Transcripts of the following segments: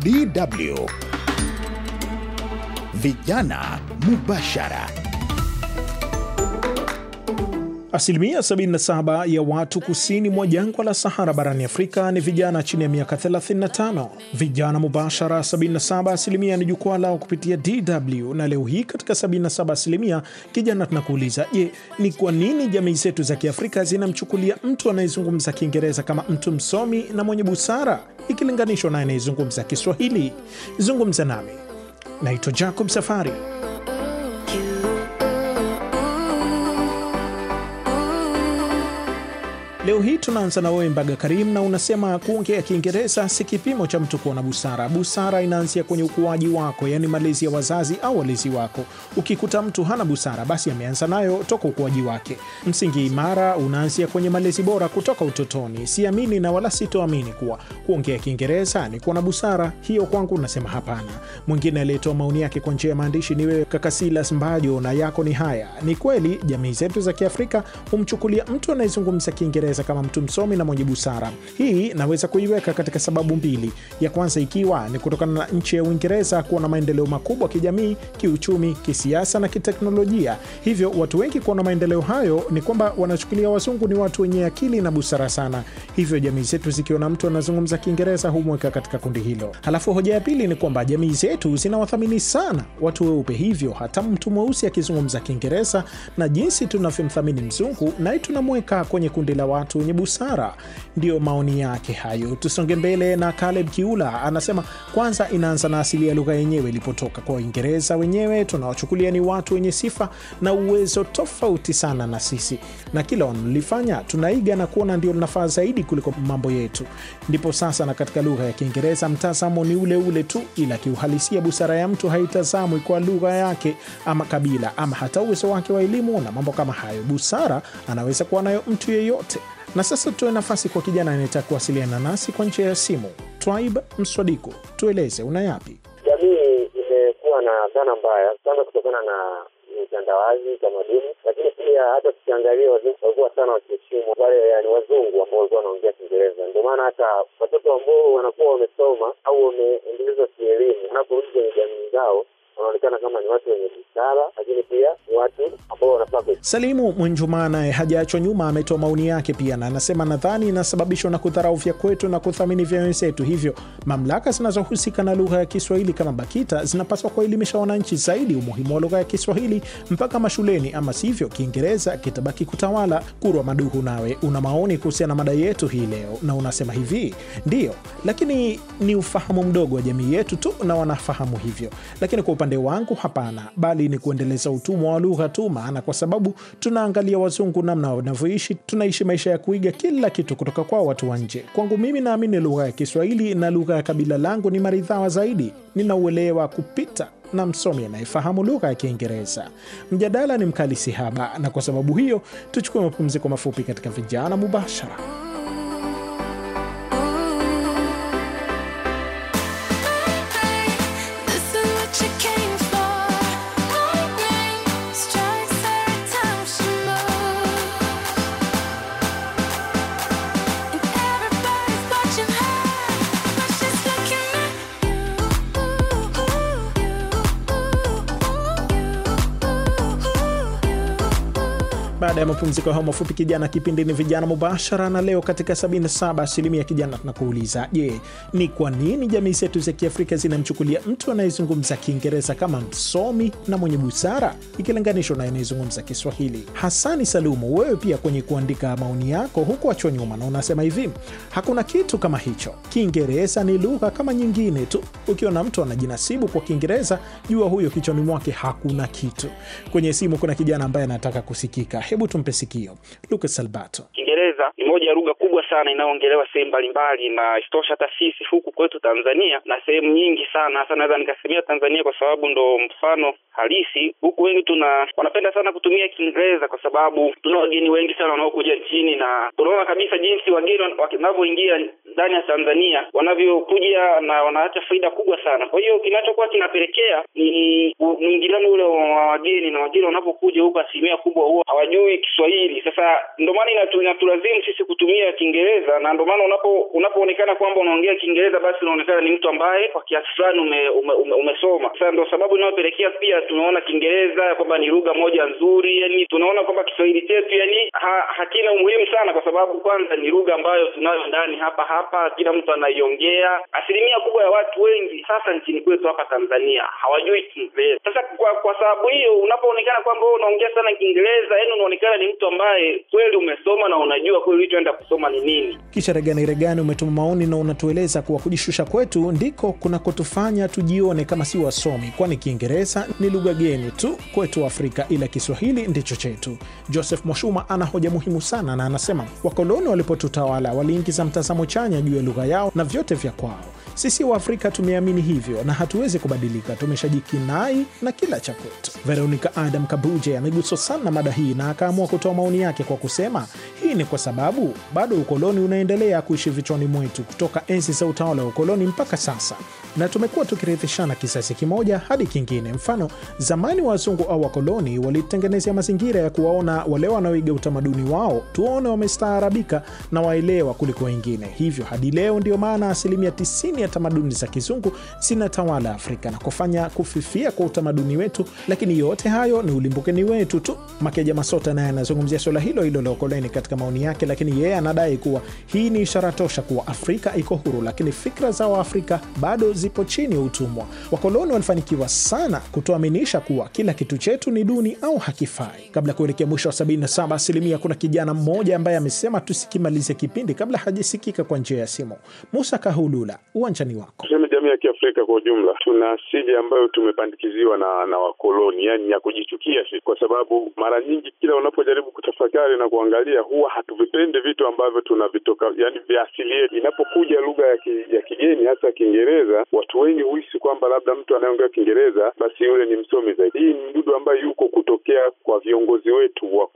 DW Vijana Mubashara. Asilimia 77 ya watu kusini mwa jangwa la Sahara barani Afrika ni vijana chini ya miaka 35. Vijana Mubashara 77 asilimia ni jukwaa lao kupitia DW, na leo hii katika 77 asilimia kijana tunakuuliza, je, ni kwa nini jamii zetu za Kiafrika zinamchukulia mtu anayezungumza Kiingereza kama mtu msomi na mwenye busara ikilinganishwa na anayezungumza Kiswahili? Zungumza nami, naitwa Jacob Safari. Leo hii tunaanza na wewe Mbaga Karim, na unasema kuongea Kiingereza si kipimo cha mtu kuwa na busara. Busara inaanzia kwenye ukuaji wako, yaani malezi ya wazazi au walezi wako. Ukikuta mtu hana busara, basi ameanza nayo toka ukuaji wake. Msingi imara unaanzia kwenye malezi bora kutoka utotoni. Siamini na wala sitoamini kuwa kuongea Kiingereza ni kuwa na busara, hiyo kwangu nasema hapana. Mwingine aliyetoa maoni yake kwa njia ya maandishi ni wewe kaka Silas Mbajo, na yako ni haya: ni kweli jamii zetu za Kiafrika humchukulia mtu anayezungumza Kiingereza kujitokeza kama mtu msomi na mwenye busara. Hii naweza kuiweka katika sababu mbili. Ya kwanza ikiwa ni kutokana na nchi ya Uingereza kuwa na maendeleo makubwa kijamii, kiuchumi, kisiasa na kiteknolojia, hivyo watu wengi kuwa na maendeleo hayo ni kwamba wanachukulia wazungu ni watu wenye akili na busara sana. Hivyo jamii zetu zikiona mtu anazungumza Kiingereza humweka katika kundi hilo. Halafu hoja ya pili ni kwamba jamii zetu zinawathamini sana watu weupe, hivyo hata mtu mweusi akizungumza Kiingereza na jinsi tunavyomthamini mzungu, naye tunamweka kwenye kundi la watu watu wenye busara. Ndiyo maoni yake hayo. Tusonge mbele na Caleb Kiula anasema, kwanza inaanza na asili ya lugha yenyewe ilipotoka. Kwa Waingereza wenyewe tunawachukulia ni watu wenye sifa na uwezo tofauti sana na sisi, na kila wanalifanya tunaiga na kuona ndio linafaa zaidi kuliko mambo yetu. Ndipo sasa na katika lugha ya Kiingereza mtazamo ni ule ule tu, ila kiuhalisia busara ya mtu haitazamwi kwa lugha yake ama kabila ama hata uwezo wake wa elimu na mambo kama hayo. Busara anaweza kuwa nayo mtu yeyote. Na sasa tutoe nafasi kwa kijana anayetaka kuwasiliana nasi kwa njia ya simu. Twaib Mswadiko, tueleze una yapi? Jamii imekuwa na dhana mbaya sana kutokana na utandawazi tamaduni, lakini pia hata tukiangalia wazungu walikuwa sana wakiheshimu wale, yani wazungu ambao walikuwa wanaongea Kiingereza. Ndio maana hata watoto ambao wanakuwa wamesoma au wameendelezwa kielimu, wanaporudi kwenye jamii zao wanaonekana kama ni watu wenye busara lakini pia watu ambao wanafaa. Salimu Mwenjuma naye hajaachwa nyuma, ametoa maoni yake pia na anasema, nadhani inasababishwa na kudharau vya kwetu na kuthamini vya wenzetu, hivyo mamlaka zinazohusika na lugha ya Kiswahili kama BAKITA zinapaswa kuwaelimisha wananchi zaidi umuhimu wa lugha ya Kiswahili mpaka mashuleni, ama sivyo Kiingereza kitabaki kutawala. Kurwa Maduhu, nawe una maoni kuhusiana na mada yetu hii leo na unasema hivi: ndiyo, lakini ni ufahamu mdogo wa jamii yetu tu na wanafahamu hivyo, lakini kwa upande wangu hapana, bali ni kuendeleza za utumwa wa lugha tu, maana kwa sababu tunaangalia wazungu namna wanavyoishi, tunaishi maisha ya kuiga kila kitu kutoka kwa watu wa nje. Kwangu mimi, naamini lugha ya Kiswahili na lugha ya kabila langu ni maridhawa zaidi, ninauelewa kupita na msomi anayefahamu lugha ya Kiingereza. Mjadala ni mkali sihaba, na kwa sababu hiyo tuchukue mapumziko mafupi katika Vijana Mubashara. baada ya mapumziko hayo hao mafupi kijana, kipindi ni vijana mubashara, na leo katika 77 asilimia kijana tunakuuliza, je, ni kwa nini jamii zetu za Kiafrika zinamchukulia mtu anayezungumza Kiingereza kama msomi na mwenye busara ikilinganishwa na anayezungumza Kiswahili? Hasani Salumu, wewe pia kwenye kuandika maoni yako huku achwa nyuma na unasema hivi, hakuna kitu kama hicho. Kiingereza ni lugha kama nyingine tu. Ukiona mtu anajinasibu kwa Kiingereza, jua huyo kichwani mwake hakuna kitu. Kwenye simu kuna kijana ambaye anataka kusikika. Hebu Hebu tumpe sikio Lucas Albato. Kiingereza ni moja ya lugha kubwa sana inayoongelewa sehemu mbalimbali, na isitosha hata sisi huku kwetu Tanzania na sehemu nyingi sana, hasa naweza nikasemea Tanzania kwa sababu ndo mfano halisi. Huku wengi tuna wanapenda sana kutumia Kiingereza kwa sababu tuna wageni wengi sana wanaokuja nchini, na tunaona kabisa jinsi wageni wanavyoingia ndani ya Tanzania, wanavyokuja na wanaacha faida kubwa sana. Kwa hiyo kinachokuwa kinapelekea ni mwingiliano ule wa wageni, na wageni wanapokuja huku asilimia kubwa huwa hawajui Kiswahili. Sasa ndio maana inatulazimu sisi kutumia Kiingereza, na ndio maana unapo unapoonekana kwamba unaongea Kiingereza basi unaonekana ni mtu ambaye kwa kiasi fulani ume, ume, ume, umesoma. Sasa ndio sababu inayopelekea pia tunaona Kiingereza kwamba ni lugha moja nzuri, yani tunaona kwamba Kiswahili chetu yani ha, hakina umuhimu sana, kwa sababu kwanza ni lugha ambayo tunayo ndani hapa hapa, kila mtu anaiongea. Asilimia kubwa ya watu wengi sasa nchini kwetu hapa Tanzania hawajui Kiingereza. Sasa kwa, kwa sababu hiyo unapoonekana kwamba unaongea sana Kiingereza, yani unaonekana ni mtu ambaye kweli umesoma na unajua kweli ulichoenda kusoma ni nini. Kisha Regani Regani, umetuma maoni na unatueleza kuwa kujishusha kwetu ndiko kunakotufanya tujione kama si wasomi, kwani Kiingereza ni lugha geni tu kwetu Afrika, ila Kiswahili ndicho chetu. Joseph Mwashuma ana hoja muhimu sana na anasema wakoloni walipotutawala waliingiza mtazamo chanya juu ya lugha yao na vyote vya kwao. Sisi afrika tumeamini hivyo na hatuwezi kubadilika, tumeshajikinai na kila cha kwetu. Veronica Adam Kabuje ameguswa sana mada hii na akaamua kutoa maoni yake kwa kusema hii ni kwa sababu bado ukoloni unaendelea kuishi vichwani mwetu kutoka enzi za utawala wa ukoloni mpaka sasa, na tumekuwa tukirithishana kizazi kimoja hadi kingine. Mfano, zamani wazungu au wakoloni walitengenezea mazingira ya kuwaona wale wanaoiga utamaduni wao tuone wamestaarabika na waelewa kuliko wengine. Hivyo hadi leo ndio maana asilimia 90 ya tamaduni za kizungu zinatawala Afrika na kufanya kufifia kwa utamaduni wetu, lakini yote hayo ni ulimbukeni wetu tu. Makeja Masota naye anazungumzia swala hilo hilo la ukoloni katika maoni yake, lakini yeye anadai kuwa hii ni ishara tosha kuwa Afrika iko huru, lakini fikra za Waafrika bado zipo chini ya utumwa. Wakoloni walifanikiwa sana kutuaminisha kuwa kila kitu chetu ni duni au hakifai. Kabla ya kuelekea mwisho wa 77 asilimia, kuna kijana mmoja ambaye amesema tusikimalize kipindi kabla hajisikika kwa njia ya simu. Musa Kahulula, uwanjani wako. jamii ya Kiafrika kwa ujumla tuna asili ambayo tumepandikiziwa na, na wakoloni, yani ya kujichukia, kwa sababu mara nyingi kila unapojaribu kutafakari na kuangalia huwa hatuvipende vitu ambavyo tunavitoka yani vya asili yetu. Inapokuja lugha ya, ki, ya kigeni hasa Kiingereza, watu wengi huhisi kwamba labda mtu anayeongea Kiingereza basi yule ni msomi zaidi. Hii ni mdudu ambaye yuko kutokea kwa viongozi wetu wa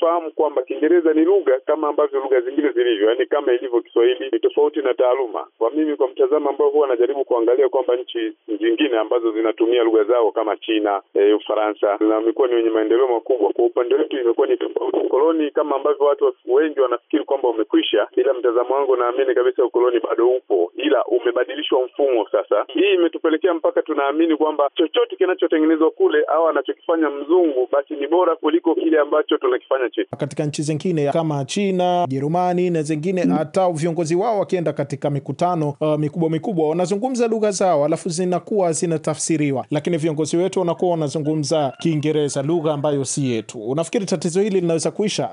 tunafahamu kwamba Kiingereza ni lugha kama ambavyo lugha zingine zilivyo, yaani kama ilivyo Kiswahili, ni tofauti na taaluma. Kwa mimi, kwa mtazamo ambao huwa anajaribu kuangalia kwamba nchi zingine ambazo zinatumia lugha zao kama China, e, Ufaransa na wamekuwa ni wenye maendeleo makubwa, kwa upande wetu imekuwa ni tofauti. Ukoloni kama ambavyo watu wengi wanafikiri kwamba umekwisha, ila mtazamo wangu naamini kabisa ukoloni bado upo, ila umebadilishwa mfumo sasa. Hii imetupelekea mpaka tunaamini kwamba chochote kinachotengenezwa kule au anachokifanya mzungu basi ni bora kuliko kile ambacho tunakifanya wachache. Katika nchi zingine kama China, Jerumani na zingine, hata mm. viongozi wao wakienda katika mikutano uh, mikubwa mikubwa wanazungumza lugha zao, alafu zinakuwa zinatafsiriwa, lakini viongozi wetu wanakuwa wanazungumza Kiingereza, lugha ambayo si yetu. Unafikiri tatizo hili linaweza kuisha?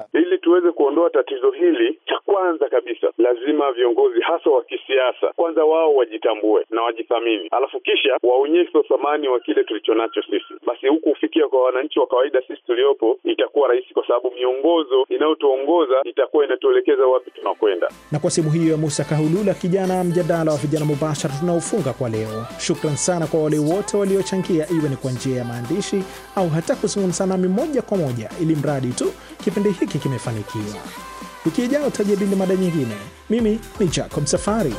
tuweze kuondoa tatizo hili, cha kwanza kabisa lazima viongozi hasa wa kisiasa kwanza wao wajitambue na wajithamini, alafu kisha waonyeshe uthamani wa kile tulicho nacho sisi, basi huku hufikia kwa wananchi wa kawaida sisi tuliopo itakuwa rahisi, kwa sababu miongozo inayotuongoza itakuwa inatuelekeza wapi tunakwenda. Na kwa simu hiyo ya Musa Kahulula, kijana mjadala wa vijana Mubashara, tunaofunga kwa leo. Shukran sana kwa wale wote waliochangia, iwe ni kwa njia ya maandishi au hata kuzungumza nami moja kwa moja, ili mradi tu kipindi hiki kimefanya kufanikiwa. Wiki ijayo utajadili mada nyingine. Mimi ni Jacob Safari.